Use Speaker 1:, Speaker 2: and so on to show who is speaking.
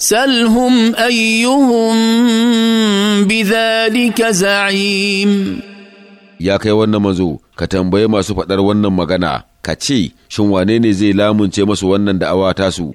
Speaker 1: سلهم أيهم بذلك
Speaker 2: زعيم ya kai wannan manzo ka tambaye masu faɗar wannan magana ka ce shin wane ne zai lamunce masu wannan da'awa tasu